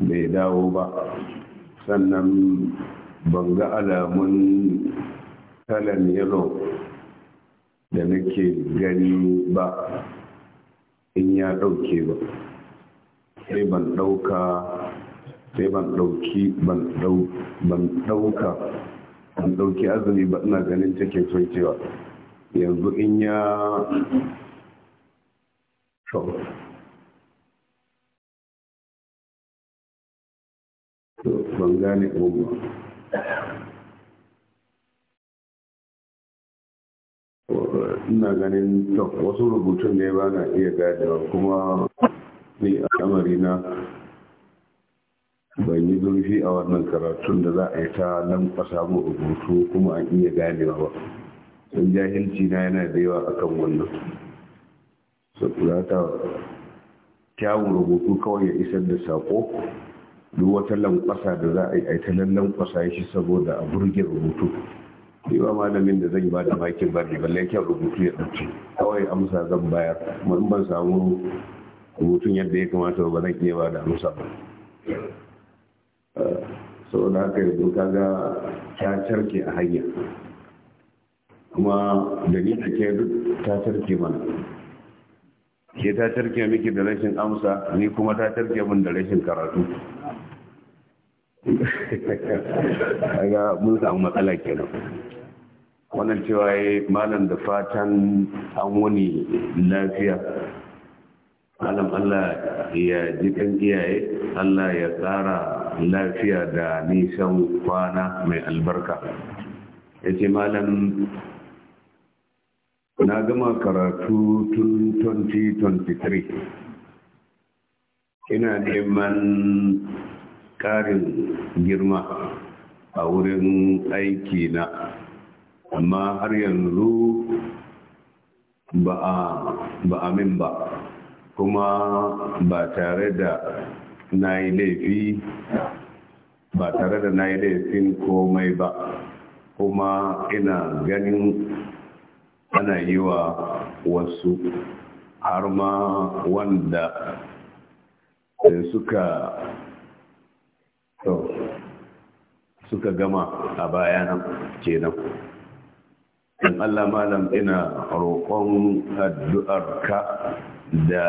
bai dawo ba sannan ban ga alamun kalan yalo da nake gani ba in ya ɗauke ba sai ban ɗauka sai ban ɗauki ban ɗauka ban ɗauki azumi ba ina ganin take so cewa yanzu in ya ban gane ogun ina ganin wasu rubutun ne ba na iya gadewa kuma ni al'amari na ban yi zurfi a wannan karatun da za a yi ta nan samun rubutu kuma an iya ganewa ba don jahilci na yana da yawa akan wannan kula ta kyawun rubutu kawai ya isar da sako duk wata lankwasa da za a yi ta lankwasa shi saboda a burge rubutu ba malamin da zan yi ba da makin bari balle kyan rubutu ya ɗauki kawai amsa zan bayar Mun ban samu rubutun yadda ya kamata ba zan iya ba da amsa ba eh, sau da haka yanzu ga ta ke a hanya kuma da ni take duk ta ke mana ke ta tarke miki da rashin amsa ni kuma ta tarke min da rashin karatu aga mun samu matsala kenan wannan cewa ya malam da fatan an wuni lafiya malam allah ya ji kan iyaye allah ya tsara lafiya da nisan kwana mai albarka ya ce malam na gama karatu tun 2023 ina neman ƙarin girma a wurin aiki na amma har yanzu ba a min ba kuma ba tare da na yi laifi ba tare da na yi laifin komai ba kuma ina ganin ana yi wa wasu har ma wanda suka suka gama a bayanan kenan in Allah malam ina roƙon addu'arka da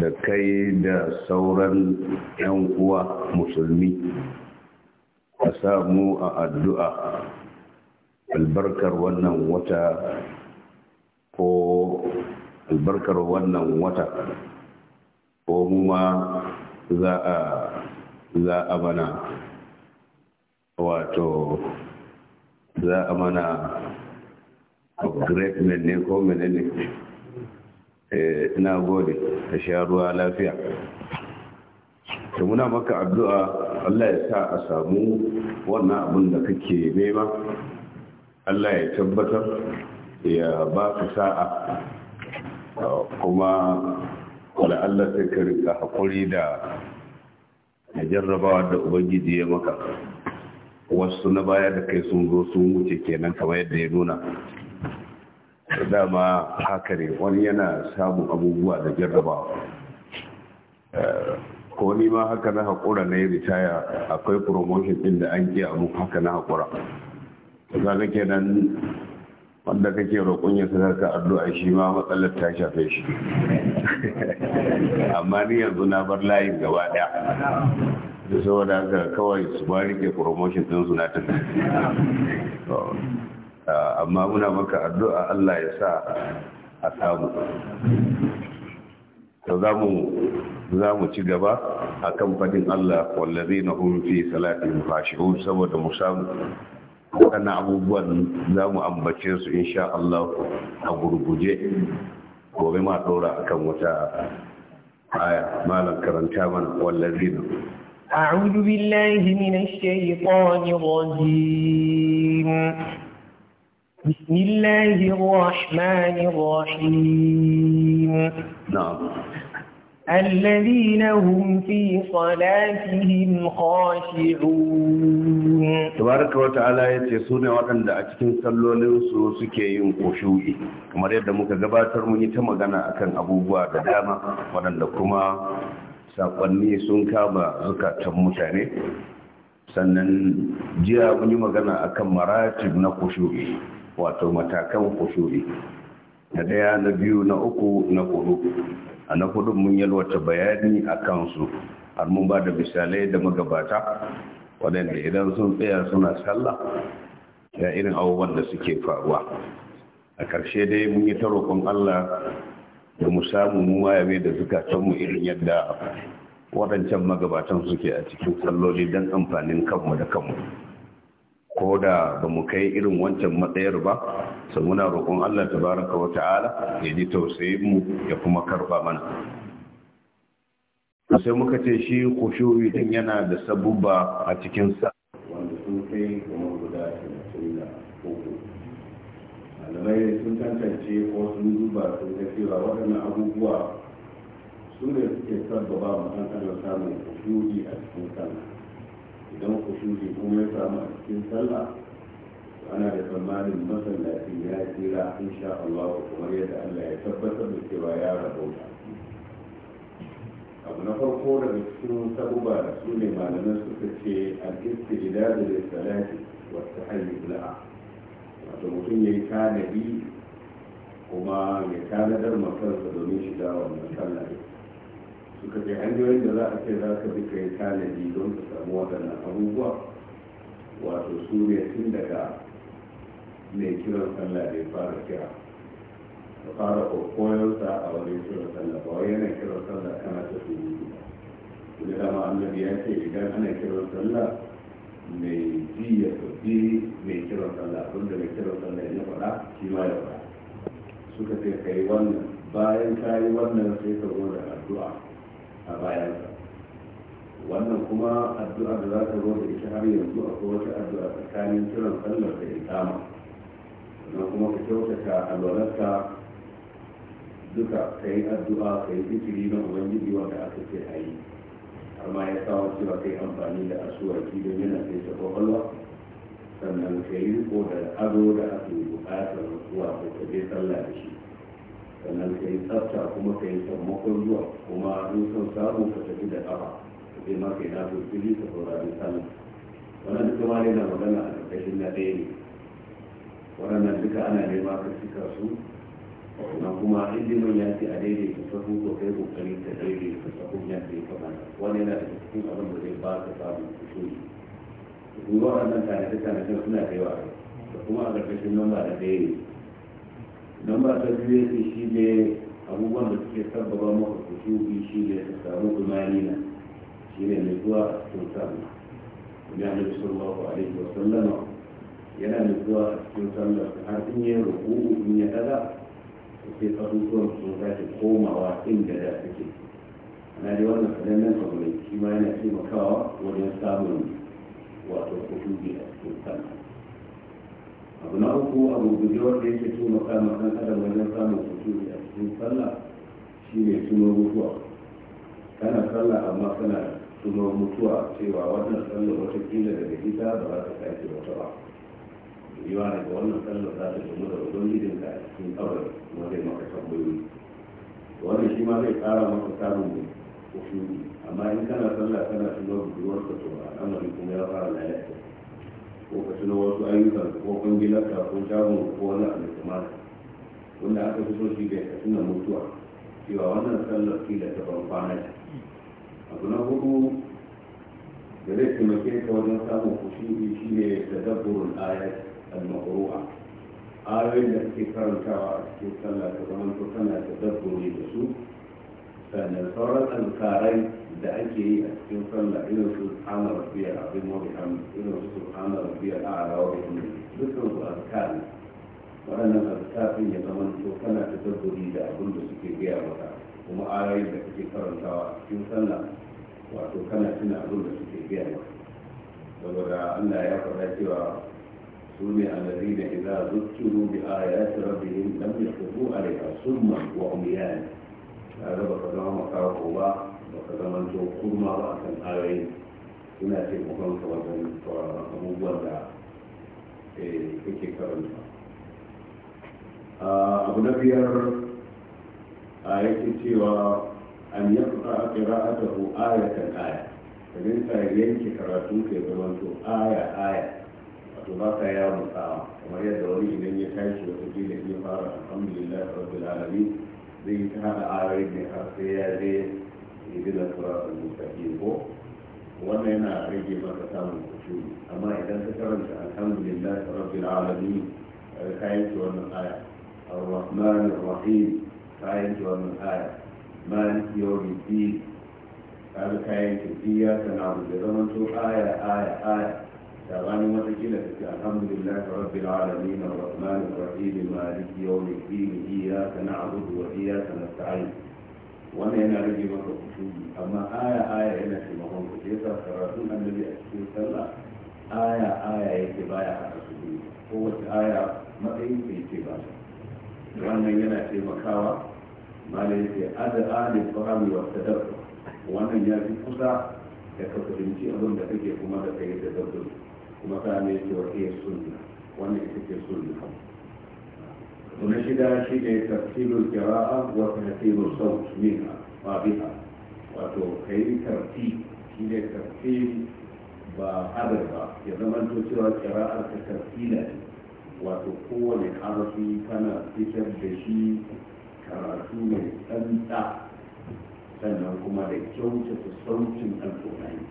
da kai da sauran 'yan uwa musulmi a samu a addu'a albarkar wannan wata ko albarkar wannan wata ko za a za a mana wato za a mana men ne ko eh, menene ina gode a sha ruwa lafiya to muna maka addu'a Allah ya sa a samu wannan abin da kake nema Allah ya tabbatar ya ba ka sa'a kuma wala Allah sai ka rika haƙuri da ya jarrabawa da Ubangiji ya maka wasu na baya da kai sun zo sun wuce kenan kamar yadda ya nuna dama haka ne wani yana samun abubuwa da jarrabawa eh, ko ni ma haka na haƙura na yi ritaya akwai promotion ɗin da an ke abu haka na haƙura to kaga kenan wanda kake roƙon ya ka addu'a shi ma matsalar ta shafe shi amma ni yanzu na bar layin gaba ɗaya da da kawai su ba rike promotion din su na tafi amma muna maka addu'a Allah ya sa a samu to za mu ci gaba a kan faɗin Allah wallazina hum fi salatin khashi'un saboda mu samu waɗannan abubuwan za mu ambace su insha Allah a gurguje gobe ma ɗora kan wata aya malar karanta mana wallar wallazina أعوذ بالله من الشيطان الرجيم بسم الله الرحمن الرحيم نعم الذين هم في صلاتهم خاشعون تبارك وتعالى yace sune waɗanda a cikin sallolin su suke yin kushu'i kamar yadda muka gabatar mun yi ta magana akan abubuwa da dama waɗanda kuma sakonni sun kama zukatan mutane sannan jiya mun yi magana akan maratib na kushu'i wato matakan kushu'i na ɗaya na biyu na uku na hudu a na hudu mun yalwata bayani a kansu har mun ba da misalai da magabata waɗanda idan sun tsaya suna sallah ya irin abubuwan da suke faruwa a ƙarshe dai mun yi ta roƙon allah da mu samu mu mai da mu irin yadda waɗancan magabatan suke a cikin salloli don amfanin kanmu da kanmu ko da ba mu kai irin wancan matsayar ba sai muna roƙon Allah tabaraka wa ta'ala ya ji tausayin mu ya kuma karba mana sai muka ce shi kushuri din yana da sabubba a cikin sa wanda sun kai kuma guda 23 malamai sun tantance ko sun duba sun ga cewa waɗannan abubuwa su ne suke sabbaba mutum an samun khushu'i a cikin sallah idan ku shuri kuma ya samu a cikin sallah ana da tsammanin masallaci ya tsira insha Allah kamar yadda Allah ya tabbatar da cewa ya rabauta abu na farko daga cikin sabuba da su ne malaman suka ce al-istidad da salati wa tahayyul la'a wato mutum yayi tanadi kuma ya tanadar makarsa domin shiga wannan sallah suka ce hanyoyin da za a ce za ka duka yi tanadi don ka samu waɗannan abubuwa wato su ne tun daga mai kiran sallah da ya fara kira ka fara koyonsa a wani kiran sallah ba wai yana kiran sallah kana ta su yi ba dama annabi ya ce idan ana kiran sallah mai ji ya sauki mai kiran sallah wanda mai kiran sallah ya faɗa shi ma ya faɗa suka ce ka yi wannan bayan ka yi wannan sai ka zo da addu'a a bayan wannan kuma addu'a da za ta ita har yanzu a wata addu'a tsakanin kiran sallar da ikama sannan kuma ka kyautata alwalarka duka ka yi addu'a ka yi zikiri na ubangiji wanda aka ce a yi har ma ya kawo cewa ka yi amfani da asuwaki don yana kai ta kwakwalwa sannan ka yi riko da ado da aka yi bukatar zuwa ko ka je sallah da shi sannan ka yi tsafta kuma ka yi sammakon zuwa kuma in son samu ka tafi da ƙafa ka je ma ka yi nafi fili ka saurari sallah wannan duka ma yana magana a ƙarƙashin na ɗaya ne waɗannan duka ana nema ka cika su na kuma ilimin ya ce a daidai ka sahu ko kai kokari ka daidai ka sahu ya ce ka bana wani yana da cikin abin da zai ba ka samu kusuri kuma waɗannan tanade-tanaden suna da yawa da kuma a ƙarƙashin nan ba da ɗaya ne lamba ta biyu yake shi ne abubuwan da suke sabbaba maka kusuri shi ne su samu na shi ne mai zuwa a cikin sallah kuma annabi sallallahu alaihi wa sallama yana mai zuwa a cikin sallah har in yi ruku in ya daga sai kasusuwan sun sake komawa inda da suke ana dai wannan sanannen kabulai shi ma yana taimakawa wajen samun wato kusuri a cikin sallah abu na uku abu guje wanda yake tuma kama kan adam wajen samun sukuni a cikin sallah shi ne tuno mutuwa kana sallah amma kana tuno mutuwa cewa wannan sallah wata kila daga ita ba za ta sake wata ba yiwa ga wannan sallah za ta tuno da ka a cikin kawai wajen maka tambayoyi wannan shi ma zai kara maka samun kusuri amma in kana sallah kana tuno budurwarka a al'amari kuma ya fara lalata ko ka tuno wasu ayyukan ko ka ko shagon ko wani abu wanda aka fi so shi bai ka tuna mutuwa cewa wannan sallar kila ta taɓa kwana ce abu na hudu da zai taimake ka wajen samun kushi shi ne da dabburin ayat al-maqru'a ayoyin da suke karantawa a cikin sallar ka zama to kana da dabburi da su sannan sauran alkarai da ake yi a cikin sallah irin su subhana rabbiyal azim wa bihamdi irin su hana rabbiyal a'la wa bihamdi dukkan su azkar waɗannan azkar din ya zama to kana tadabburi da abin da suke gaya maka kuma ayoyin da kake karantawa a cikin sallah wato kana tuna abin da suke gaya maka saboda Allah ya faɗa cewa su ne allazina idza zukkiru bi ayati rabbihim lam yakhudhu alaiha summa wa umyan ya raba ka zama makaho ba ba ka zama to kurma ba a kan ayoyin suna taimakon ka wajen sauraron uh, abubuwan da eh, kake karanta uh, abu na biyar a yake cewa an yi kusa a kira a tafi ayatan aya domin ka yanke karatu ke zama to aya aya wato ba ka ya mutsawa kamar yadda wani idan ya tashi wata da ya fara alhamdulillah rabbil alamin zai ta hada ayoyi ne har sai ya je ihdina siratal mustaqim ko wannan yana rage maka samun kushuri amma idan ka karanta alhamdulillah rabbil alamin ka yanke wannan aya ar-rahman ar-rahim ka yanke wannan aya malik yawmi din ka ka yanke iyyaka na'budu da zaman to aya aya aya da wani matakila ta ce alhamdulillah rabbil alamin ar-rahman ar-rahim malik yawmi din iyyaka na'budu wa iyyaka nasta'in wannan yana rage maka kusuri amma aya aya yana taimakon ku sai yasa karatun annabi a cikin sallah aya aya yake baya haka su wace aya matsayin sai yake ba wannan yana taimakawa malai yake ada ali fahimi wa tadabbu wannan ya fi kusa da ka fahimci abin da kake kuma da kai da dabbu kuma ka ne ke wa sunna wannan ita ce sunna ونشد شيء ترتيب القراءة وترتيب الصوت منها وبها وتوكيل ترتيب شيء ترتيب بحضرها يظهر أن تسوى القراءة ترتيلا وتقوى لحرف كان تكتب بشيء karatu mai tsanta sannan kuma da الصوت من alƙur'ani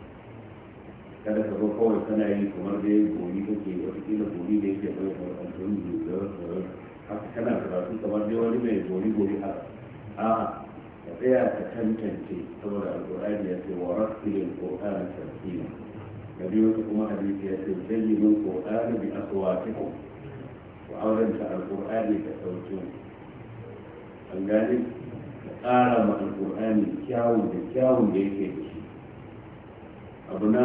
kada ka zo kawai kana yi kamar dai ya gori kake wata kila gori da yake bai alƙur'ani da haka kana karatu kamar dai wani mai gori gori haka a'a ka tsaya ka tantance saboda alƙur'ani ya ce wa rasulil qur'ani tartila da biyu wata kuma hadisi ya ce zayyinul qur'ani bi aswatikum wa auranta alƙur'ani da sautin an gane ka tsara ma alƙur'ani kyawun da kyawun da yake da shi abu na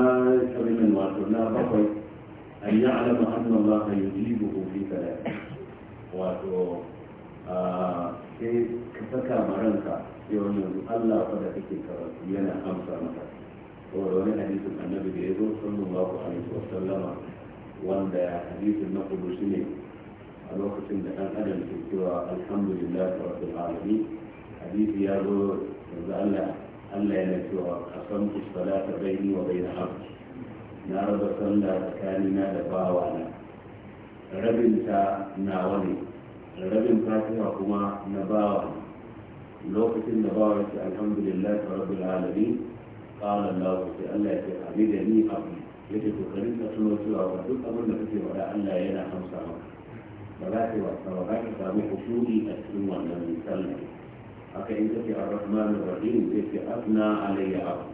sabimin wato na bakwai an yi alama annan ma ka yi jibu ko fi talata wato sai ka saka ma ranka yawan yanzu Allah fa da kake karatu yana amsa maka saboda wani hadisin annabi da ya zo sallallahu alaihi wa sallama wanda hadisin na kudusi ne a lokacin da ɗan adam ke cewa alhamdulillah rabbil alamin hadisi ya zo yanzu Allah Allah yana cewa qasamtu salata baini wa baina abdi na raba sallah tsakanina da bawana rabinta nawa ne da rabin fatiha kuma na bawa lokacin da bawa yake alhamdulillah wa rabbil alamin qala Allah sai Allah ya ce da ni abu yake to karin ka tuno cewa ba duk abin da kake faɗa Allah yana amsa maka ba za ka wasa ba za ka samu kusuri a cikin wannan sallah haka in kace ar-rahman ar-rahim sai ce afna alayya abu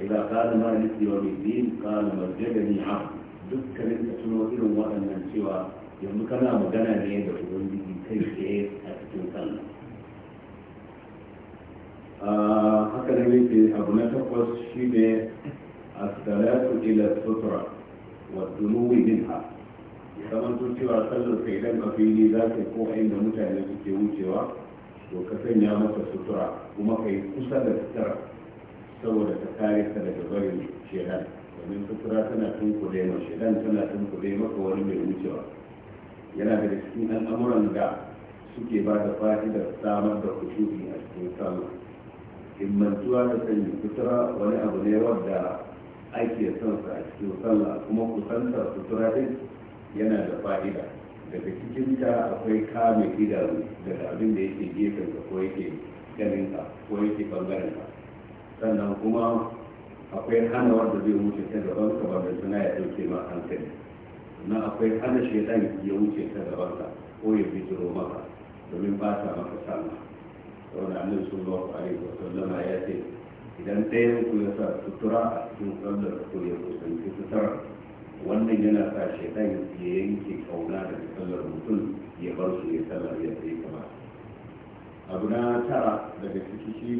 إذا قال مالك يوم الدين قال مجدني عبد دكا انت تنوئل waɗannan cewa. yanzu kana magana ne da ubangiji kai tsaye a cikin sallah ah, haka da yake abu na takwas shi ne a salatu ila sutura wa dunuwi minha zaman to cewa sallar sai idan a fili za ka ko inda mutane suke wucewa to ka sanya masa sutura kuma kai kusa da fitar saboda ta kare ka daga barin shedan domin sutura tana kuɗe ma shedan tana tunkuɗe maka wani mai wucewa yana daga cikin al'amuran da suke ba da fa'idar samar da kusuri a cikin sallah himmantuwa da sanyi kutura wani abu ne wadda ake son sa a cikin sallah kuma kusantar kutura din yana da fa'ida daga cikin ta akwai kame idanu daga abin da yake gefen ka ko yake ganin ka ko yake bangaren ka sannan kuma akwai hana wanda zai wuce ta gaban ka ba da suna ya dauke ma hankali na akwai hana dan ya wuce ta gabanka ko ya bijiro maka domin ba ta maka sama saboda annabi sallallahu alaihi wa sallama ya ce idan ɗayan ku ya sa sutura a cikin sallar ko ya kusanci sutura wannan yana sa shaidan ya yanke kauna da sallar mutum ya bar su ya sallar ya yi kama abu na tara daga ciki shi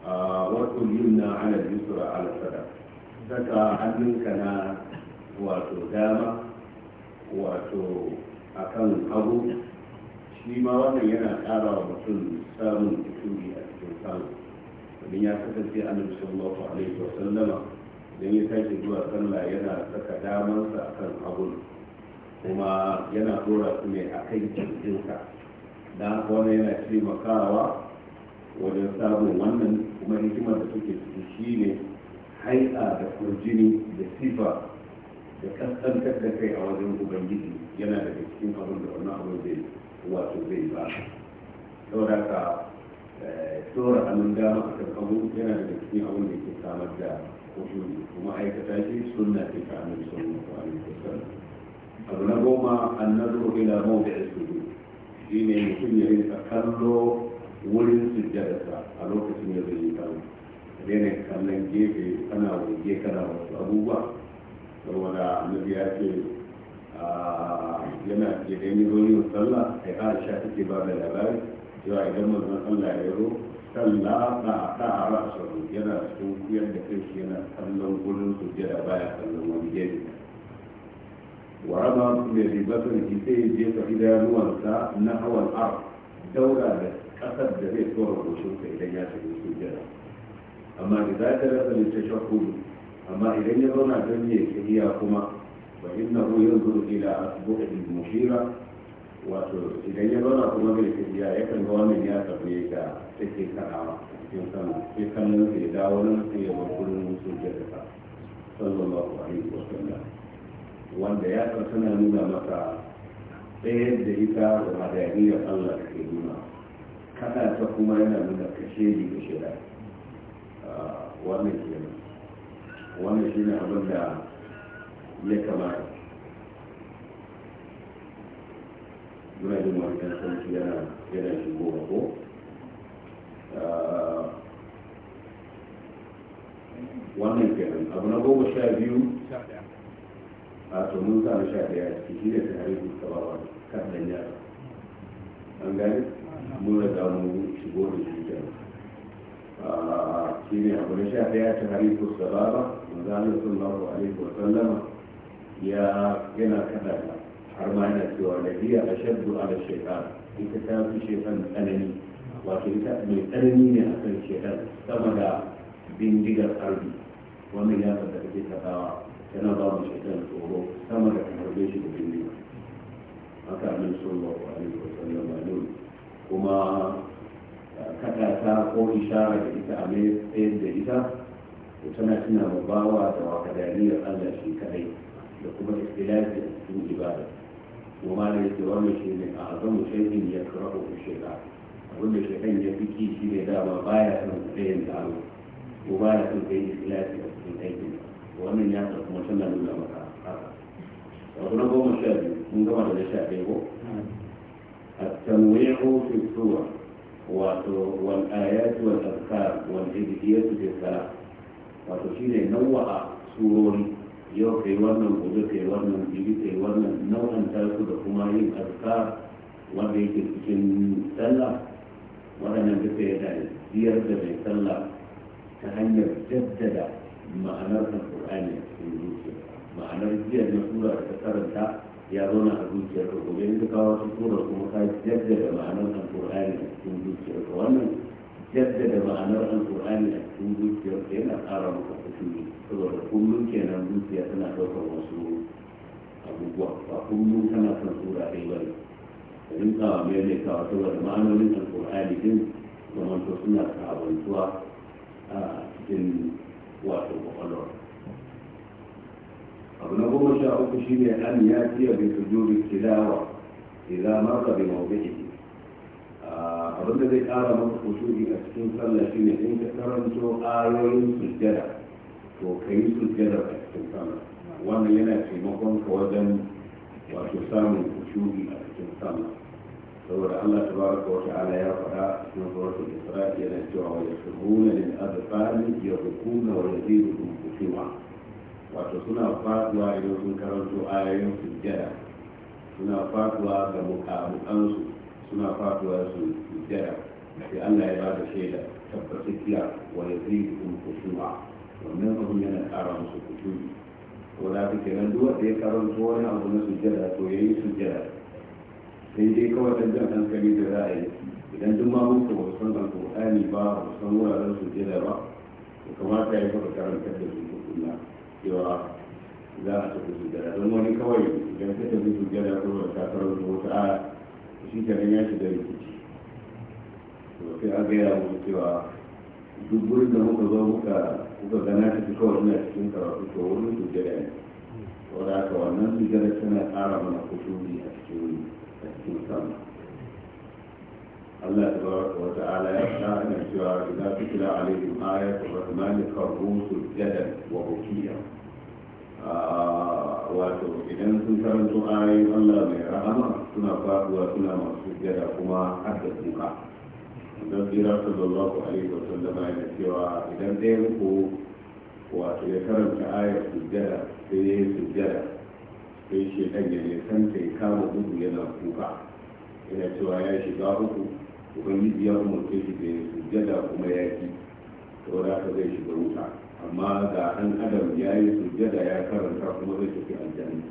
a ah, wasu yumna ala yusra ala sada saka hannunka na wato dama wato a kan hagu shi ma wannan yana ƙara wa mutum samun ikuri a cikin samu domin ya kasance annabi a alaihi wa sallama idan ya tashi zuwa sallah yana saka damansa kan abun kuma yana dora su ne kan kirjinsa da haka yana taimakawa wajen samun wannan kuma hikimar da suke ciki ne haika da kurjini da sifa da kaskantar da kai a wajen ubangiji yana da cikin abin da wannan abin zai wato zai ba saboda ka tsora eh, hannun dama a kan abu yana da cikin abin da ke samar da kushuri kuma aikata shi sunna ce ta annabi sallallahu ko wasallam abu na goma annabi ila mawdi'i sujud shine mutum ya rinka kallo wurin sujjadarsa a lokacin da zai yi kallo daina kallon gefe kana waje kana wasu abubuwa saboda annabi ya ce ah, yana ce da yi zonin sallah sai sha take ba da labari cewa idan mazan allah ya yaro sallah ba a ta a rasu yana cikin kuyar da kai shi yana kallon gurin jira baya kallon wani gari. wa raba da ribatar ki sai ya jefa ruwansa na hawan ar daura da kasar da zai tsora kai idan ya shiga jira. amma da za ta rasa ne ta shakku amma idan ya zauna don ya tsiriya kuma wa inna yin zuru ila asbuhi mushira wato idan ya zauna kuma bai tsiriya ya kan ga wannan ya tafi da take kanawa cikin sama sai kallon sai dawo nan sai ya bar gurin sujjata sallallahu alaihi wa sallam wanda ya san tana nuna masa tsayar da ita da madaniyar Allah da ke nuna kada ta kuma yana nuna kashe ne da shida ah, wannan kenan wannan shi ne abin da ya kamata muna jin wani ɗan sarki yana yana shigo ko ah, wannan kenan abu na goma sha biyu a tsohon mun na sha ɗaya ciki shi ne tare da sabawa kan ɗan yara an gani mun riga mu shigo da shi kenan shi abu na sha ɗaya ta harifu salama manzanin sallallahu alaihi wa sallama ya yana kada ta har ma yana cewa da biya a shaddu ala shekar ita ta fi shekar tsanani wato ita mai tsanani ne a kan shekar sama da bindigar harbi wannan ya fata ta tabawa yana ba mu shekar tsoro sama da kamar shi da bindigar kawo shara da ita a mai tsayar da ita to tana tuna wa bawa da wakadaniyar Allah shi kadai da kuma ikhtilafi a cikin ibada kuma da yake wannan shi ne a azamu shay'in ya karahu shay'a abin da shay'an ya fiki shi ne dama baya son tsayin tsaro ko baya son kai ikhtilafi a cikin aikin wannan ya kuma tana nuna maka haka abu na goma sha biyu mun gama da na sha ɗaya ko التنويع في الصور Wato والآيات والأذكار والهدية في الصلاة وتشير نوع سورون yau kai wannan gobe kai wannan jibi kai wannan nau'an tarku da kuma yin azkar wanda yake cikin sallah waɗannan duka yana ziyar da mai sallah ta hanyar jaddada ma'anar alƙur'ani a cikin zuciya ma'anar jiya na sura da ta karanta ya zauna a zuciyar ka gobe in ka kawo shi tura kuma ka jaddada ma'anar alƙur'ani a cikin zuciyar ka wannan jaddada ma'anar alƙur'ani a cikin zuciyar ka yana ƙara maka kusuri saboda kullum kenan zuciya tana ɗaukar wasu abubuwa ba kullum tana son tura ɗaya ba ne ka rinka mai mai kawo saboda ma'anonin alƙur'ani din zamanto suna sabantuwa a cikin wato ƙwaƙwalwa abu na goma sha uku shi ne an ya fiye bai sujudi tilawa idan marka bai mawuzi ah, abin da zai kara maka kusuri a cikin sallah shi ne in ka karanto ayoyin sujjada to ka yi sujjada a cikin sallah wannan yana taimakon ka wajen wato samun kusuri a cikin sallah saboda Allah tabaraka wata ala ya faɗa cikin da Isra yana cewa wa yashruna lil adqani yarquna wa yaziduhum khushu'a wato suna faduwa idan sun karanto ayoyin sujjada suna faduwa ga mukamukansu suna faduwa su sujjada sai Allah ya bada shaida tabbatacciya wa yaziduhum khushu'a wannan abun yana ƙara musu khushu'i to da kake nan duk wanda ya karanto wani abu na sujjada to yayi sujjada sai dai kawai dan jan hankali da za a yi idan duk ma mun ba san alƙur'ani ba ba san wuraren sujjada ba to kamata ya yi karanta da su tukunna cewa za a tafi sujjada don wani kawai idan ka tafi sujjada ko ba ta da wata aya shi ta ya shiga rikici to sai a gaya musu cewa duk wurin da muka zo muka kuka gana ta fi kawai ina cikin karatu to wurin sujjada ne da haka wannan sujjada tana ƙara mana kusuri a cikin a cikin sama الله تبارك وتعالى يخشى da الجوار إذا تتلى عليهم آية الرحمن خروا سجدا وبكيا wato idan sun karanto ayoyin Allah mai rahama suna faduwa suna masu jada kuma har da kuka don tsira sallallahu alaihi wa sallam yana cewa idan ɗaya muku wato ya karanta ayar sujjada sai ya yi sujjada sai shi ɗan ne san kai kama gudu yana kuka yana cewa ya shiga uku ubangiji ya umarce shi da ya sujjada kuma ya ki saboda ka zai shiga wuta amma ga ɗan adam ya yi sujjada ya karanta kuma zai tafi aljanna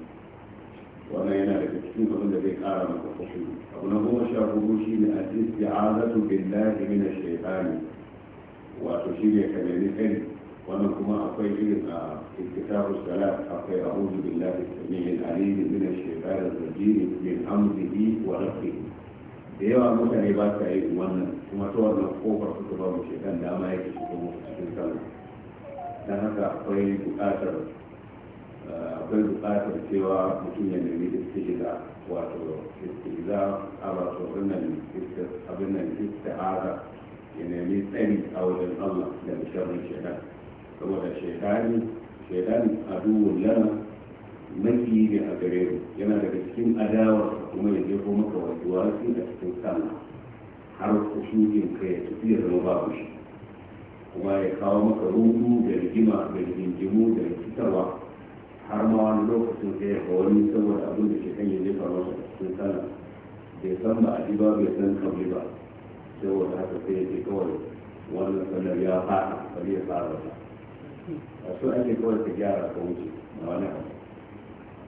wannan yana daga cikin abin da zai kara maka kusur abu na goma sha hudu shi ne a cikin isti'azatu billahi min ash-shaytani wato shi ne kamar nemi kai wannan kuma akwai irin a kitabu salat akwai a'udhu billahi samiyil alim min ash-shaytani rajim min amrihi wa nafihi da yawa mutane ba sa yi wannan kuma ta wannan kofar suka ba mu shekan dama yake shigo a cikin sallah don haka akwai bukatar eh, akwai cewa mutum ya nemi istihiza wato istihiza a wato abin nan istihaza ya nemi tsari a wajen allah da sharrin shekan saboda shekani a aduwun lana mafi ne a gare mu yana daga cikin adawa kuma ya jefo maka wajewa sun a cikin sama har kusurin ka ya tafi ya zama babu shi kuma ya kawo maka ruhu da rigima da rigingimu da rikitarwa har ma wani lokacin sai ya wani saboda abin da ke kan ya jefa masa a cikin sama bai san ba a ba bai san kamar ba saboda haka sai ya ce kawai wannan sanar ya fara bari ya fara ba a so ake kawai ka gyara ka wuce na wani abu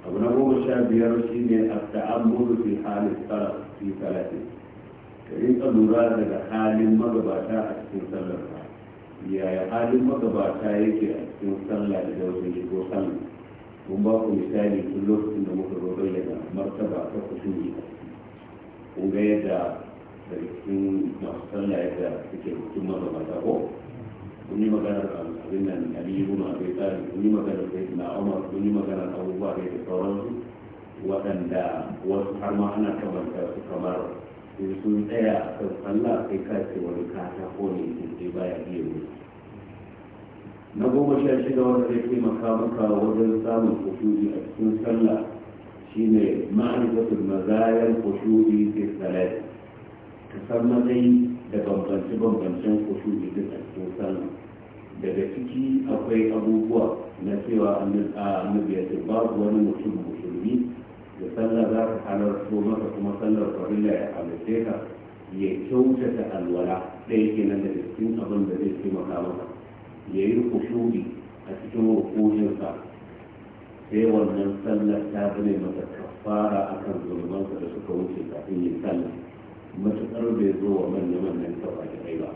abu na goma sha biyar shi ne a ta'ammuru fi halin tsara fi salafi ka yi lura daga halin magabata a cikin sallar ka yaya halin magabata yake a cikin sallar da wajen shigo sallah mun ba ku misali tun lokacin da muka zo yana martaba ta kusuri kun ga yadda da cikin masu sallah yadda suke cikin magabata ko kun yi maganar abin nan ali ibn abi talib kun yi maganar sayyidina umar kun yi maganar abubuwa da sauransu waɗanda wasu har ma ana kamanta su kamar sun tsaya a kan sallah sai ka ce wani katako ne sai baya iya musu na goma sha shida wanda zai taimaka maka wajen samun kushuri a cikin sallah shine ma'arifatul mazayan kushuri fi salat ka san matsayi da bambance-bambancen kushuri din a cikin sallah daga ciki akwai abubuwa na cewa annabi ya ce babu wani mutum musulmi da sallar za ka halarto maka kuma sallar farilla ya halarce ka ya kyautata alwala ɗaya kenan da cikin abin da zai taimaka maka ya yi kushuri a cikin rukuninsa sai wannan sallar ta zama masa kafara akan zulumansa da suka wuce kafin yin sallar matuƙar bai zo wa manya-manyan kawai ba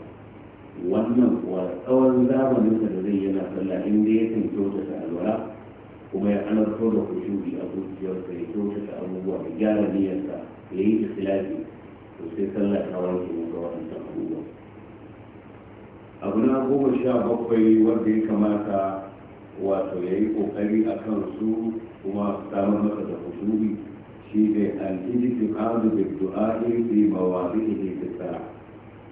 wannan kuwa tsawon zamanin da zai yana sallah inda ya kyauta kyautata alwala kuma ya halarto da kushuri a zuciyarsa kyauta kyautata abubuwa da gyara niyyarsa ya yi silafi to sai sallah ta wanke masa waɗannan abubuwa abu na goma sha bakwai wanda ya kamata wato ya yi ƙoƙari a kan su kuma samun masa da kushuri shi ne al-ijtihadu bid-du'a fi fi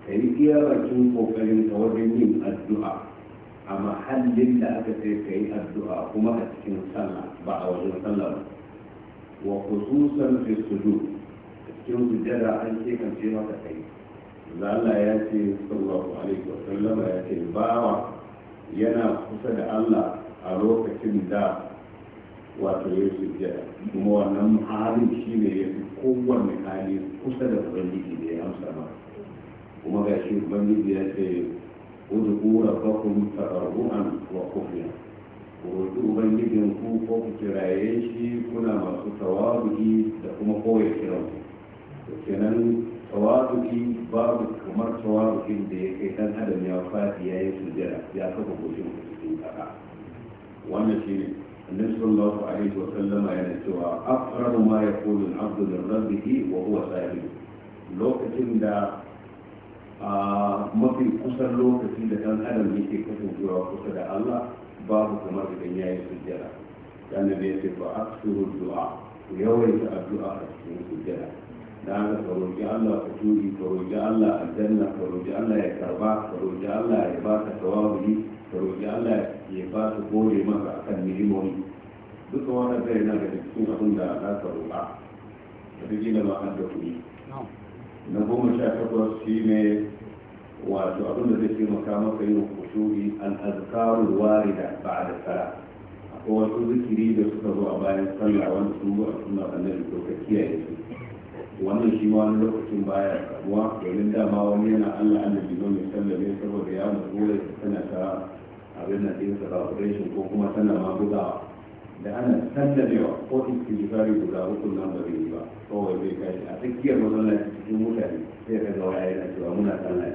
ka yi iya bakin kokarin ta wajen yin addu'a a mahallin da aka sai ka yi addu'a kuma a cikin sallah ba a wajen sallah ba wa khususan fi sujud cikin sujada an ce kan ce maka kai Allah ya ce sallallahu alaihi wa sallama ya ce bawa yana kusa da Allah a lokacin da wato ya sujjada kuma wannan halin shi ne ya fi kowanne hali kusa da ubangiji da ya amsa maka kuma ga shi ubangiji ya ce udhkura bakum tadarruan wa khufiya ku ubangijin ku ko ku kiraye shi kuna masu tawadu'i da kuma koya kiran ku kenan tawadu'i babu kamar tawadu'in da ya kai dan adam ya fadi ya yi sujjada ya kafa goshin ku cikin ƙasa wannan shi ne annabi sallallahu alaihi wa sallama yana cewa aqrabu ma yaqulu al-abdu li rabbihi wa huwa lokacin da a mafi kusan lokaci da ɗan adam yake kasancewa kusa da Allah babu kamar idan ya yi sujjada dan da ya ce fa aksuru du'a ku yawaita addu'a a cikin sujjada da haka ka roƙi Allah ka turi ka roƙi Allah aljanna ka roƙi Allah ya karba ka roƙi Allah ya ba ka tawabuli ka roƙi Allah ya ba ka gore maka akan ni'imomi duka wannan zai na da cikin abin da za ka roƙa da duk ma har da kuɗi na goma sha takwas shi ne wato abin da zai taimaka maka yin kushuri al-azkarul warida ba'da salat akwai wasu zikiri da suka zo a bayan sallah wanda sun zo a sunnar annabi ko ka kiyaye su wannan shi ma wani lokacin baya karuwa domin dama wani yana Allah annabi ne mai tallafi saboda ya mutu tana ta abin nan din sa ko kuma tana ma bugawa da ana sallamewa ko istighfari guda uku nan ba zai ba kawai zai kai a tsakiyar masallaci cikin mutane sai ka ga waya yana cewa muna sallah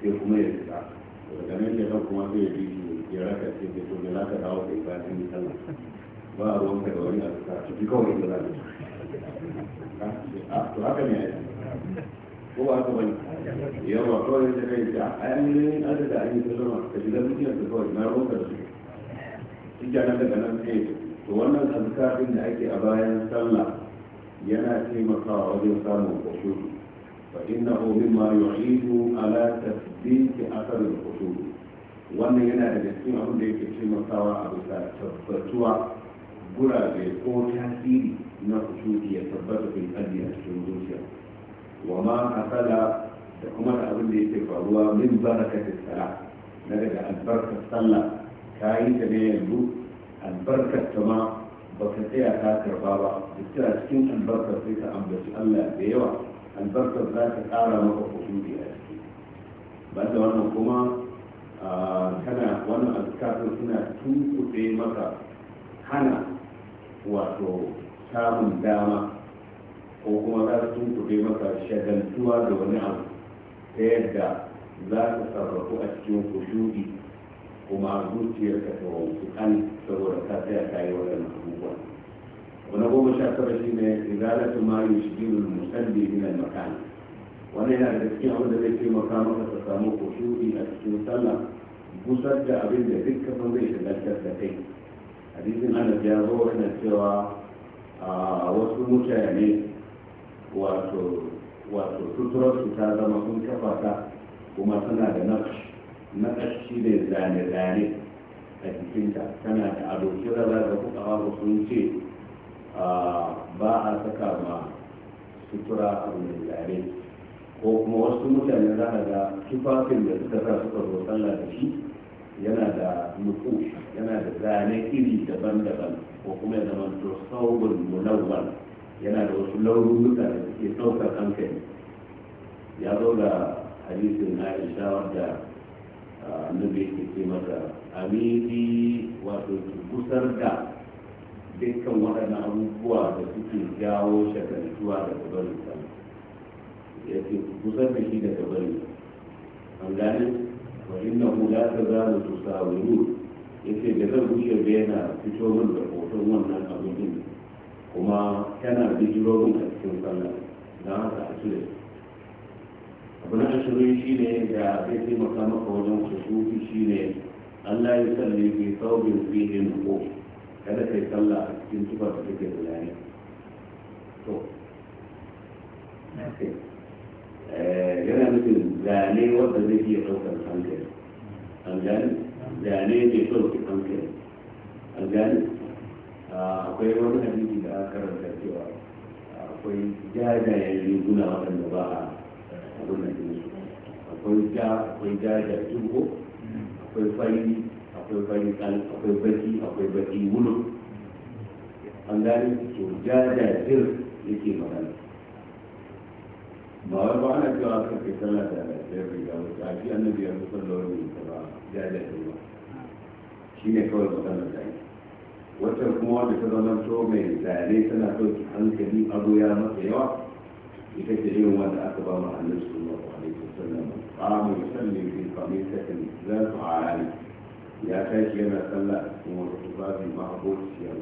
sai kuma ya tsaka daga nan ya kan kuma sai ya bi ya raka ce da to ne za ka dawo kai bayan yi sallah ba a ruwan ka da wani a tsaka ciki kawai da za ka a to haka ne ya ko ba haka bane yawa kawai da kai ta ai an yi an da an yi sallama ka shiga mutum da kawai na ruwan ka da su. Ijana daga nan sai to wannan azkarin da ake a bayan sallah yana taimakawa wajen samun kusuru fa obin mimma yu'idu ala tasdiqi athar al-qusur wannan yana daga cikin abin da yake taimakawa a bisa tabbatuwa gurabe ko tasiri na kusuri ya tabbata fil qalbi a cikin zuciya wa ma asala da kuma da abin da yake faruwa min barakatis sala na daga albarkar sallah kayi ta ne yanzu albarkar ta ma ba ka tsaya ta karba ba da cikin albarkar sai ka ambaci Allah da yawa albarkar za ta ƙara maka kuɗi a ciki ba da wannan kuma kana wannan alkafin suna tunkuɗe maka hana wato samun dama ko kuma za su tunkuɗe maka shagaltuwa da wani abu ta yadda za ka sarrafu a cikin kuɗi kuma zuciyar ka ta wanki an saboda ka tsaya ka yi waɗannan abubuwa wani goma sha tara shi ne izalatu ma yi shi jirin musalli min makan wani yana da cikin abin da zai taimaka maka ka samu kushuri a cikin sallah busar da abin da dukkan man zai shagaltar da kai hadisin anas ya zo yana cewa wasu mutane wato wato su ta zama sun kafa ta kuma tana da nafshi matsar shi ne zane-zane a jikinta tana da ado kirara da kuka hawa sun ce ah, ba a saka ma sutura a mai zane ko kuma wasu mutane za a ga tufafin da suka sa suka zo sallah da shi yana da nutsu yana da zane iri daban-daban ko kuma ya zama saurin yana da wasu lauruka da suke saukar hankali ya zo da hadisin aisha wadda annabi ke ce masa amidi wato ki gusar da dukkan waɗannan abubuwa da suke jawo shagaltuwa da gabarin sa ya ce kusar da shi da gabarin an gane wa inna hu la tazalu tusawiru ce da zan wuce da yana fito min da hoton wannan abin kuma tana bijiro min a cikin sallah don haka a cire abu na ashirin shi ne da zai taimaka maka wajen kusurfi shi ne allah ya salli fi fiye fi ko kada kai sallah a cikin tufar da take da lani to eh, yana nufin zane wanda zai iya ɗaukar hankali an gani zane mai ɗauki hankali an gani ah, akwai wani hadisi da aka karanta cewa akwai jajayen riguna waɗanda ba a abin da ne akwai ja akwai ja da dubo akwai fari akwai fari kan akwai baki akwai baki wulu an gani to ja da jir yake magana ba wai ba ana cewa kan kai sallah da lafiyar riga wacce a fi annabi ya fi sallah wani ta ba ja da jir ba shi ne kawai magana da ake wacce kuma wanda ta zama to mai zane tana ɗauki hankali abu ya masa yawa ita ce irin wanda aka ba mu annabi sallallahu alaihi wasallam qamu yusalli fi qamisatin la tu'ali ya tashi yana sallah a cikin wata tufafi ma'abociyar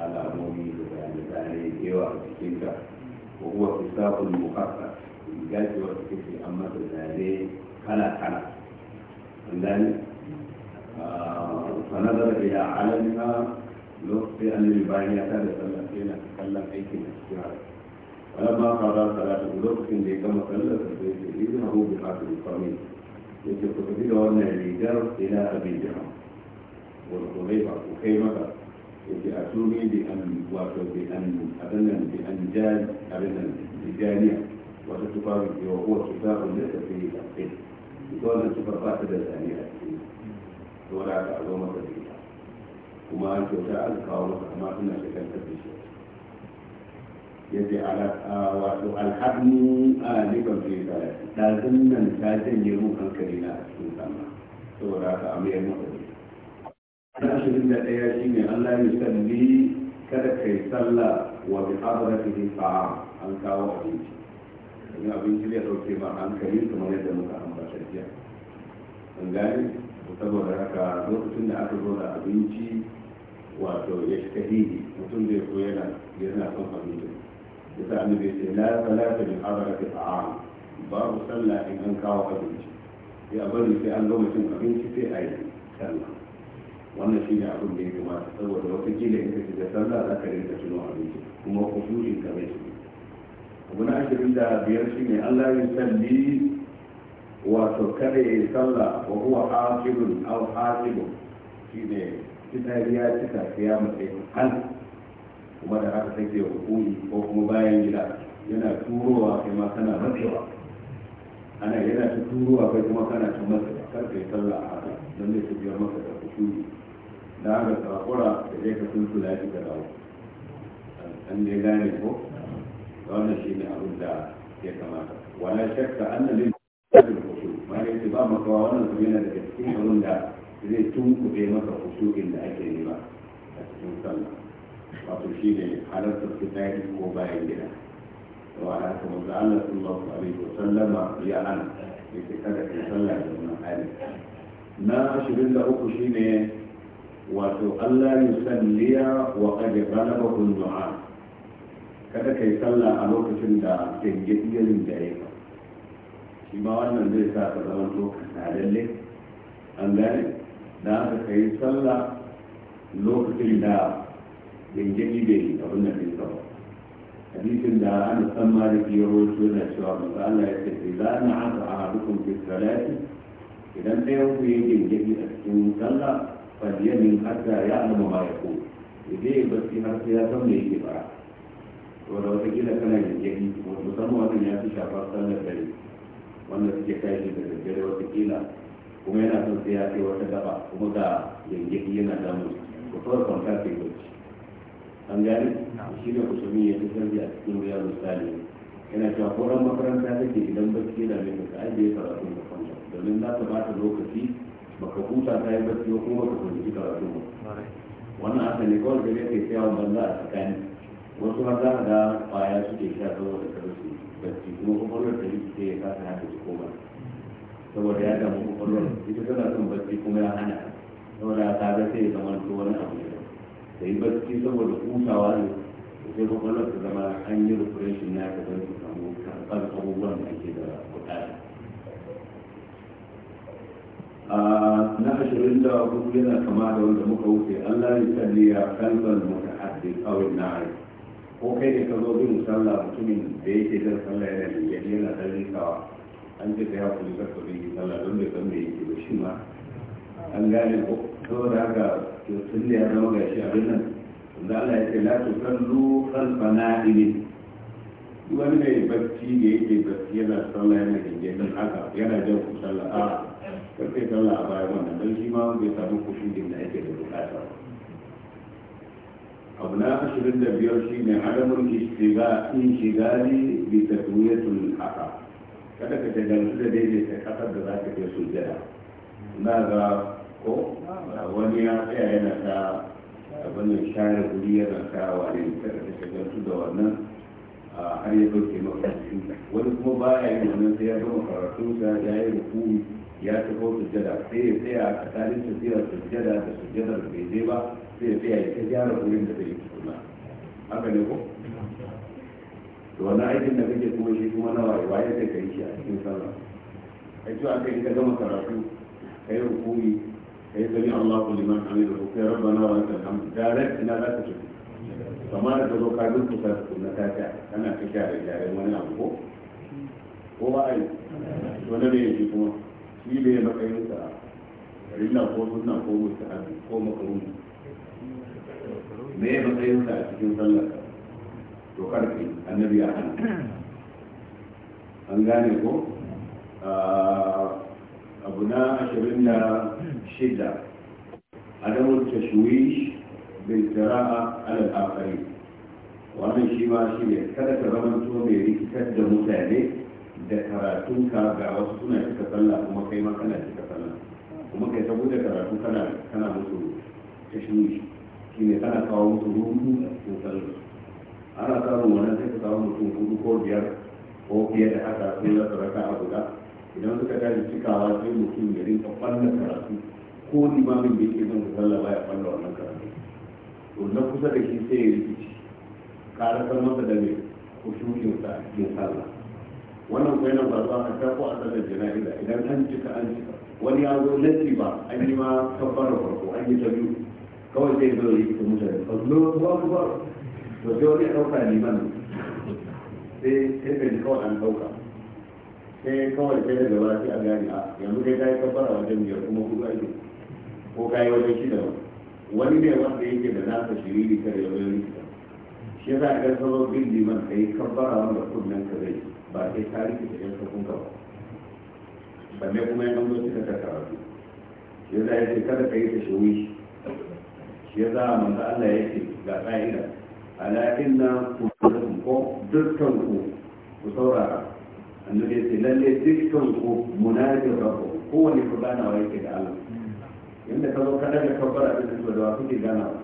alamomi da bayanai bayanai da yawa a cikin ta ko kuwa fisafin mukasa gaji wata kake an masa zane kala kala an gani sanadar da ya alamina lokacin annabi bayan ya tada sallah sai na kallon aikin da cikin harkar فلما قرر ثلاثة الظهر كان دي كما قال لك اذهبوا بحاكم القميص يجب تقبل أن الرجال إلى أبي جهام والخليفة وكيما قال يجي أسومي بأن واتو بأن أبنا بأن جاد أبنا بجانية وتتفاوت وهو كتاب ليس فيه تحقيق يقول أن تفرقات الثانية ولا تعلومة فيها وما أنت وشاء قاومة ما كنا شكلت بشيء yace ala wato alhabnu aliban fi salati dazun nan ta janye mun hankali na cikin sama saboda haka a mayar masa da ashirin da ɗaya shi ne allah ya salli kada kai sallah wa bi fi ta'am an kawo abinci domin abinci zai dauke ma hankali kamar yadda muka ambata jiya an gane saboda haka lokacin da aka zo da abinci wato ya shi mutum zai da yana son abinci. yasa annabi ce la salata bi hadarati ta'am babu sallah in an kawo abinci sai a bari sai an gama cin abinci sai a yi sallah wannan shi ne abin da ya kamata saboda wata kila in ka shiga sallah za ka rinka tuno abinci kuma kusurin ka bai shi abu na ashirin da biyar shi ne allah ya salli wato kada ya yi sallah wa huwa hafibun au hafibun shi ne fitariya cika ya matsayin hal kuma da haka take hukumi ko kuma bayan gida yana turowa kai ma kana matsewa ana yana ta turowa kai kuma kana ta matsewa karfe kai sallah a haka don zai tafiya maka da kusuri da haka tsakura da zai ka sun tula shi ka dawo an dai gane ko da wannan shi ne abin da ya kamata wala shakka annalin kafin kusur ma ne ba makawa wannan su yana da cikin abin da zai tunkuɗe maka kusurin da ake nema a cikin sallah wato shi ne halartar fitari ko bayan gida da wa haka manzo Allah sallallahu alaihi wa sallama ya an ya ce kada ka sallah da wannan hali na da 23 shine wato Allah ya salliya wa qad ghalabahu du'a kada kai sallah a lokacin da dangin da yayi shi ma wannan zai sa ka zama to kasalalle an gane da aka kai sallah lokacin da gangani bai abin da bai kawo hadisin da an san maliki ya rawaito yana cewa manzo Allah ya ce idan na aka ahadukum fi salati idan ɗayan ku ya gangani a cikin sallah fa min hatta ya alama ma ya ko idan ya barci har sai ya san me yake fara to da wata kila kana gangani musamman wannan ya fi shafar sallar dare wanda suke shi da daddare wata kila kuma yana son sai ya kai wata gaba kuma ga gangani yana damun ku kawai kwanta kai bacci an gane shi ne usumi ya fi sarki a cikin riyar misali yana cewa ko makaranta ta ke idan bacci yana mai ka ajiye karatun ka kwanta domin za ta ba ta lokaci baka huta ta yi bacci ko kuma baka kwanci karatun ba wannan haka ne kawai gare ke tsayawa banza a tsakani wasu har za ka ga kwaya suke sha saboda karsu bacci kuma kwakwalwar ta yi ta kasa haka su koma saboda ya damu kwakwalwar ita tana son bacci kuma ya hana saboda ka ga sai ya zama wani abu ne da yi barci saboda hutawa ne da sai kwakwalwar ta zama an yi refreshin na ta don su samu karɓar abubuwan da ake da buƙata na ashirin da hudu yana kama da wanda muka wuce allah ya kalli ya kalmar haɗe kawai na hari ko kai da ka zo bin sallah mutumin da yake zan sallah yana da yana rikawa an ce yi ya kuli karfa bin sallah don bai san me yake ba shi ma an gane ko da haka tun da ya zama gashi abin nan da Allah ya ce la tu sallu khalfa na'imin wani mai bacci da yake bacci yana sallah yana ginge don haka yana jan ku sallah a karfe sallah a bayan wannan don shi ma bai samu kushin din da yake da bukata abu na ashirin da biyar shi ne adamun inshigali bi tadwiyatul haka kada ka shagaltu da daidaita kasar da za ka je sujjada na ga ko wani ya tsaya yana ta abin da share guri yana ta wani kada ta shiga su da wannan har ya dauke makarantun wani kuma baya yin wannan sai ya gama karatun sa ya yi hukumi ya tafi sujjada sai ya tsaya a tsakanin tafiyar sujjada da sujjadar bai je ba sai ya tsaya ya ta gyara gurin da bai yi tukuna haka ne ko to wani aikin da kake kuma shi kuma nawa ya waye da kai shi a cikin sallah kai to aka yi ka gama karatu kai rukuni kai sami Allahu liman hamidahu kai rabbana wa lakal hamd direct ina za ka tafi kamar da zo ka durkusa tukunna ta ta kana ta gyara gyara wani abu ko ko ba ai wani ne yake kuma shi ne matsayin sa rilla ko suna ko mustahabi ko makaruni me ya matsayin sa a cikin sallar to karfi annabi ya hana an gane ko abu na ashirin da shida adamu tashwish bil jira'a alal akari wannan shi ma shi ne kada ka zamanto mai rikitar da mutane da karatun ka ga wasu suna cika sallah kuma kai ma kana cika sallah kuma kai saboda karatu kana kana musu tashwish shi ne kana kawo musu rudu a cikin sallah ana samun wannan sai ka samu mutum hudu ko biyar ko fiye da haka sun rasa raka a guda idan suka tashi cikawa sai mutum ya rinka fannin karatu ko limamin da yake zan sallah baya falla wannan karatu to na kusa da shi sai ya rikici san masa da mai kushukin sa a cikin sallah wannan kuwa yana faruwa a tafi a sallar jana'iza idan an cika an cika wani ya zo lati ba an yi ma kabbara farko an yi ta biyu kawai sai zo yi ta mutane ba ku ba to sai wani ya ɗauka liman sai sai ka ji kawai an ɗauka sai kawai sai daga ba sai a gane a ah, yanzu dai ka yi kafara wajen biyar kuma hudu ake ko ka yi wajen shida ba wani ne wanda yake da nasa shiriri kare wajen rikita shi yasa idan ka zo bin liman ka yi kafara wanda kunnen ka zai ba sai ka rikita yan kafin ka ba sannan kuma ya zo cika ta karatu shi yasa ya ce kada ka yi ta shawishi shi yasa manzo Allah ya ce ga ƙa'ida ala inna kullukum ko dukkan ku ku saurara annabi ya ce lalle dukkan ku munajin rabu kowane ku ganawa yake da Allah yadda ka zo ka daga kabbara da zuwa da kuke ganawa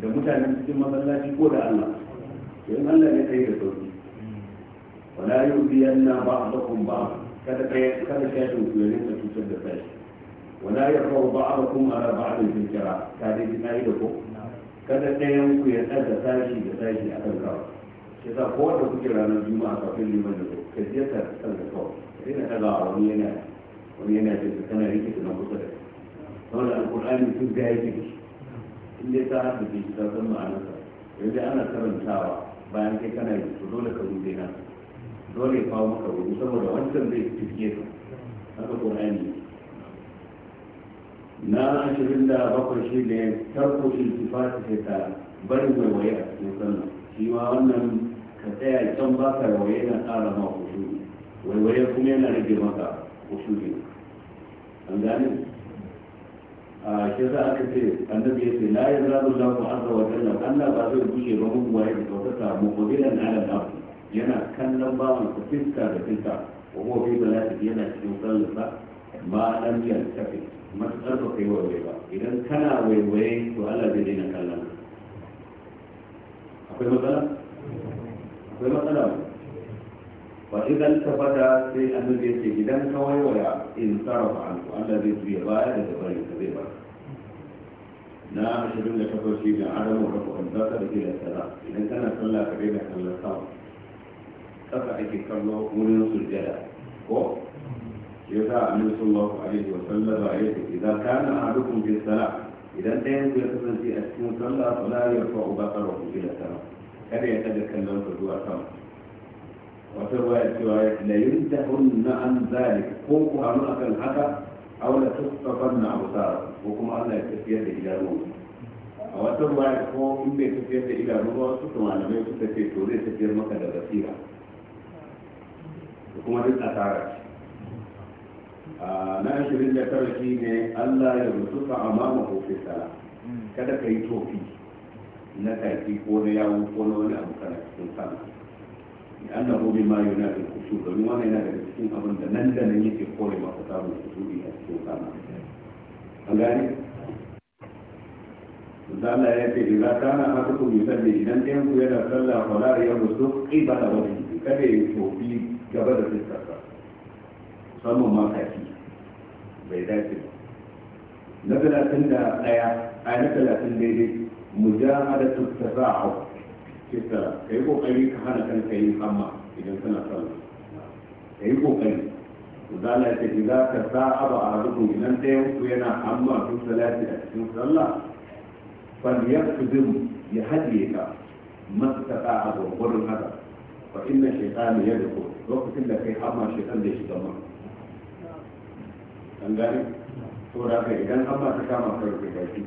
da mutanen cikin masallaci ko da Allah in Allah ne kai da sauki wala yubiyanna ba'dakum ba? kada kai kada kai ku ne ka cutar da kai wala yarfa'u ba'dakum ala ba'd fil kira kada dai na yi da ku. kada ɗayan ku ya tsada sashi da sashi akan kawai ke ko wanda kuke ranar juma'a kafin liman da zo ka je ka san da kawai ina na daga wani yana wani yana ce ka kana rike na kusa da wanda alqur'ani sun ga yake da shi in dai ta hada shi ta san ma'anarsa yanzu ana karantawa bayan kai kana yi to dole ka rube na dole ya kawo maka rubu saboda wancan zai fiske ka haka qur'ani na ashirin da bakwai shi ne tarko iltifati sai ta bari waya a cikin sannan shi ma wannan ka tsaya can ba ka rawa yana ƙara ma ne waiwaiyar kuma yana rage maka ne an gane a shi za aka ce annabi ya ce la ya zaɓi za ku arza wa an Allah ba zai bushe ba mun waye da kyautata mu kudilan ala na yana kallon mu ku fiska da fiska ko huwa bala ta yana cikin ba ma da yaltafi matsar ba kai waiwaye ba idan kana waiwaye to Allah zai daina kallon akwai matsala akwai matsala ba fa idan ta fada sai annabi ya ce idan ka waiwaya in sarrafa an Allah zai juya baya daga barin ka zai baka na ashirin da takwas shi ne adamu da kuɗin za ka da ke da sana idan kana sallah ka daina kallon sama ƙasa ake kallo wurin sujjada ko يسعى النبي صلى الله عليه وسلم عليه إذا كان أحدكم في الصلاة إذا أنت ينزل في السنة صلى فلا يرفع بصره إلى السماء kada ya daga kallon ka zuwa sama wata ruwaya cewa la yuntahun na an zalik ko ku hannu kan haka aw la tusfafan na abusar ko kuma Allah ya tafiyar da idanu a wata ruwaya ko in bai tafiyar da idanu ba wasu kuma malamai su ce to zai tafiyar maka da basira kuma duk asara tara na ashirin da tara shi ne Allah ya rusu rutufa amama ko fi sala kada ka yi tofi na kaki ko na yawo ko na wani abu kana cikin sama da an da hobi ma yana da kusur domin wani yana da cikin abin da nan da nan yake kore masu samun kusuri a cikin sama an gane Allah ya ce idan kana haka ku yusalli idan ɗayan ku yana sallah fala ya rusu qibala wajhi kada ya tofi gaba da fuskarsa musamman ma kaki bai dace ba na talatin da ɗaya a na talatin daidai mujahada ta tafa'a kisa ka yi kokari ka hana kanka yin hamma idan kana son kai ko kai ku zala ya ce za ka sa'a ba a rukun idan ta yi ku yana hamma sun salati a cikin sallah fal ya ku zin ya hajiye ka mastafa a gwagwarin haka fa inna shekani ya zuko lokacin da kai hamma shekan da shi gama an gani? to da idan hamma ta kama kai da shi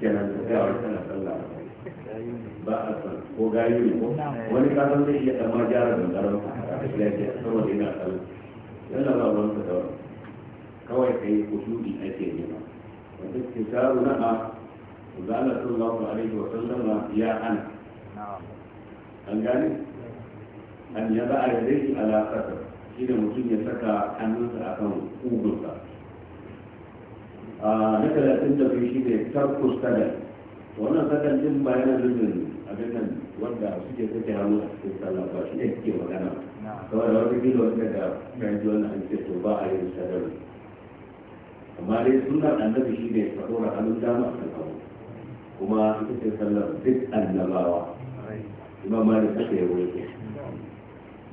kenan ta kai a wata na sallah ba a san ko gayu ne ko wani kasan zai iya dama gyara dangaron a tafi lafiya saboda yana sallah yana ba wani ka daura kawai ka yi kusuri ake nema wanda ke taru na a zala sallallahu alaihi wa sallama ya ana an gani, an yaba a yadda ala kasar shi da mutum ya saka hannunsa kan ugunsa na talatin da biyu shi ne tarkus sadar wannan sadar din ba yana nufin abin nan wanda suke sake hannu a cikin sallah ba shi ne suke magana kawai da wata gina wanda da kanji wannan an ce to ba a yin sadar amma dai sunan annabi shi ne ka ɗora hannun dama a kan abu kuma ita ce sallar duk annabawa imam malik suka yi roƙe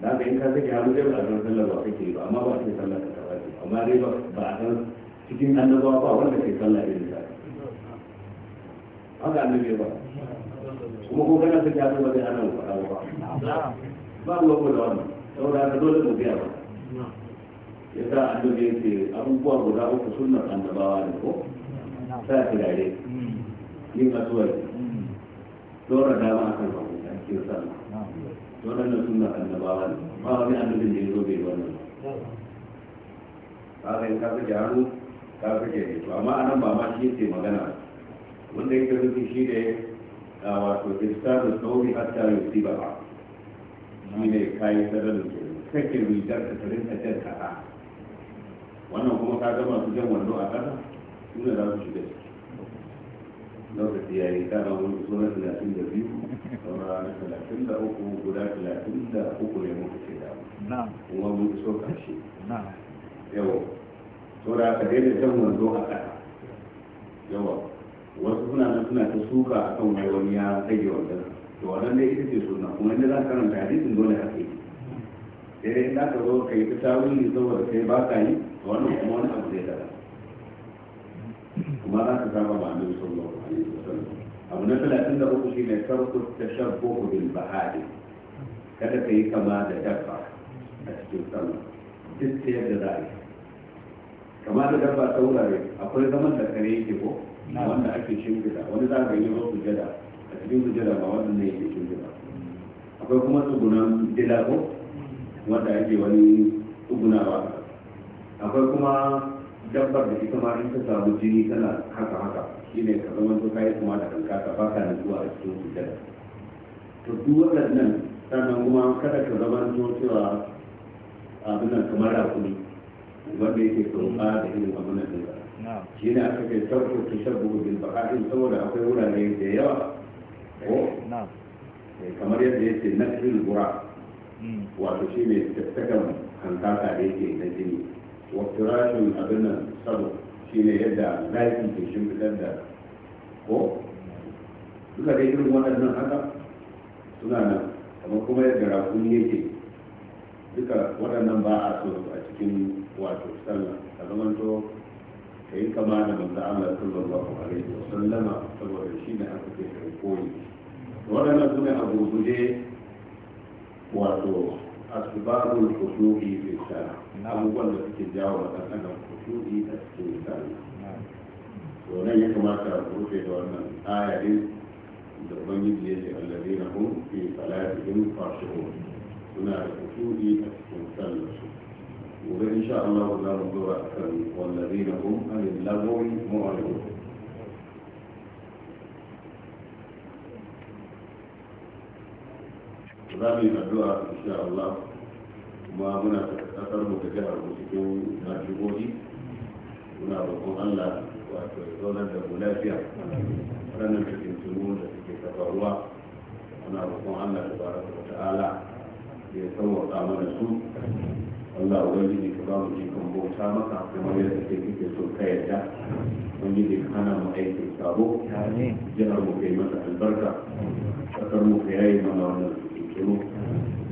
da haka in ka sake hannu dai ba a san sallar ba kake ba amma ba a ce sallar ka ta ba amma dai ba a san cikin annabawa ba wanda ke sallah irin ta haka annabi ba kuma ko kana fita ta wajen ana faɗa ba ba ruwa ko da wannan saboda haka dole mu biya ba ya sa annabi ya ce abubuwa guda uku sunnar annabawa ne ko sa turare yin asuwar dora dama a akan hagu a cikin sallah waɗannan sunnar annabawa ne ba wani annabin da ya zo bai wannan ba ka yi kafa gyaru ta kake ne to amma anan ba ma shi yake magana wanda yake nufi shi ne a wato istanu sauri hatta yusi ba ba shi ne kayi sararin ke kake rigar ka ta rinka jan kasa wannan kuma ka gama su jan wando a kasa suna za su shiga ciki lokaci ya yi kama wani sura talatin da biyu saura talatin da uku guda talatin da uku ne muka ce da kuma mun so karshe yau saboda ka daina jan wando a ƙasa yawa wasu suna nan suna ta suka a kan wai wani ya rage wandon to wannan dai ita ce suna kuma inda za ka karanta hadisin dole haka yi sai dai za ka zo ka yi ta tawili saboda kai ba ka yi to wannan kuma wani abu zai daga kuma za ka saba ba annabi sallallahu alaihi wasallam abu na talatin da uku shine tarku tashabbuhu bil bahari kada ka yi kama da dabba a cikin sallah duk ta yadda za yi kamar da dabba ta wurare akwai zaman da kare yake ko wanda ake shimfiɗa wani za ka yi zo sujada a cikin sujada ba wannan ne yake shimfiɗa akwai kuma tsugunan gida ko wanda ake wani tsugunawa akwai kuma dabbar da ita ma in ta samu jini tana haka haka shine ka zama to kai kuma da kanka ka baka na zuwa a cikin sujada to duk wannan sannan kuma kada ka zama to cewa abin nan kamar rakuni wanda yake kurba da irin abin da ba shi ne aka kai sarko ta shabbu bin bakatin saboda akwai wurare da yawa ko eh, kamar yadda yake cikin gura hmm. wato shi ne tattakan hankaka da yake na jini wato rashin abin nan sabo shi ne yadda zafi ke shimfitar da ko duka da irin waɗannan haka suna nan kamar kuma yadda rakuni yake duka waɗannan ba a so a cikin wato sallah a zaman to ka yi kama da manzo Allah sallallahu alaihi wa sallama saboda shi ne aka ce kai koyi waɗannan su ne a gurguje wato asbabul khushu'i fi sallah abubuwan da suke jawo wa ɗan adam khushu'i a cikin sallah to nan ya kamata a rufe da wannan aya din da ubangiji ya ce allazina hum fi salatihim khashu'un suna da kusuri a cikin sallarsu gobe insha Allah za mu zura a kan wallazi na hum alil lagwi mu'arribu za mu yi addu'a insha Allah kuma muna kasar mu da jihar mu cikin najibobi muna roƙon Allah wato ya zaunar da mu lafiya waɗannan cikin tunu da suke tafaruwa muna roƙon Allah tabaraka wa ta'ala ya sauwaka mana su Allah ubangiji ka ba mu ikon bauta maka kamar yadda kai kake so ka yarda ubangiji ka hana mu aikin sabo jihar mu kai mata albarka kasar mu ka yayi mana wannan kiro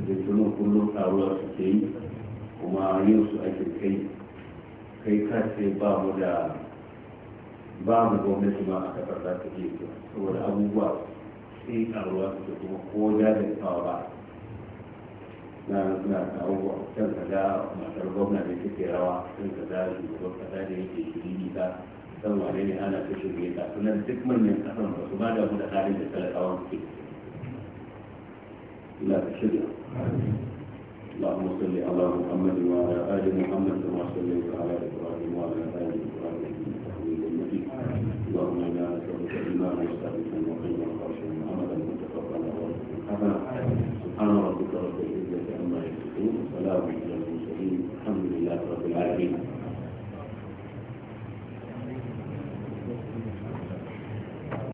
da tunan kullum taruwa suke yi kuma yin su ake kai kai ka ce ba mu da babu gwamnati ma a kasar ta iya saboda abubuwa sai su suke kuma ko da da ba na na abubuwa kan kaza matar gwamna da take rawa kan kaza shugaban kaza da yake shiriri ta san wane ne ana ta shirye ta sunan duk manyan kasan ba su ba da mu da halin da talakawan ke لا تشرع اللهم صل على محمد وعلى ال محمد كما صليت على ابراهيم وعلى ال ابراهيم انك حميد مجيد اللهم انا نسالك ايمانا وصحبه وقيما وخشيه محمدا متقبلا ورزقا حسنا سبحان ربك رب